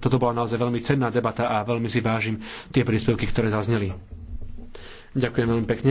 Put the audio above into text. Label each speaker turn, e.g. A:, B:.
A: Toto bola naozaj veľmi cenná debata a veľmi si vážim tie príspevky, ktoré zazneli. Ďakujem veľmi pekne.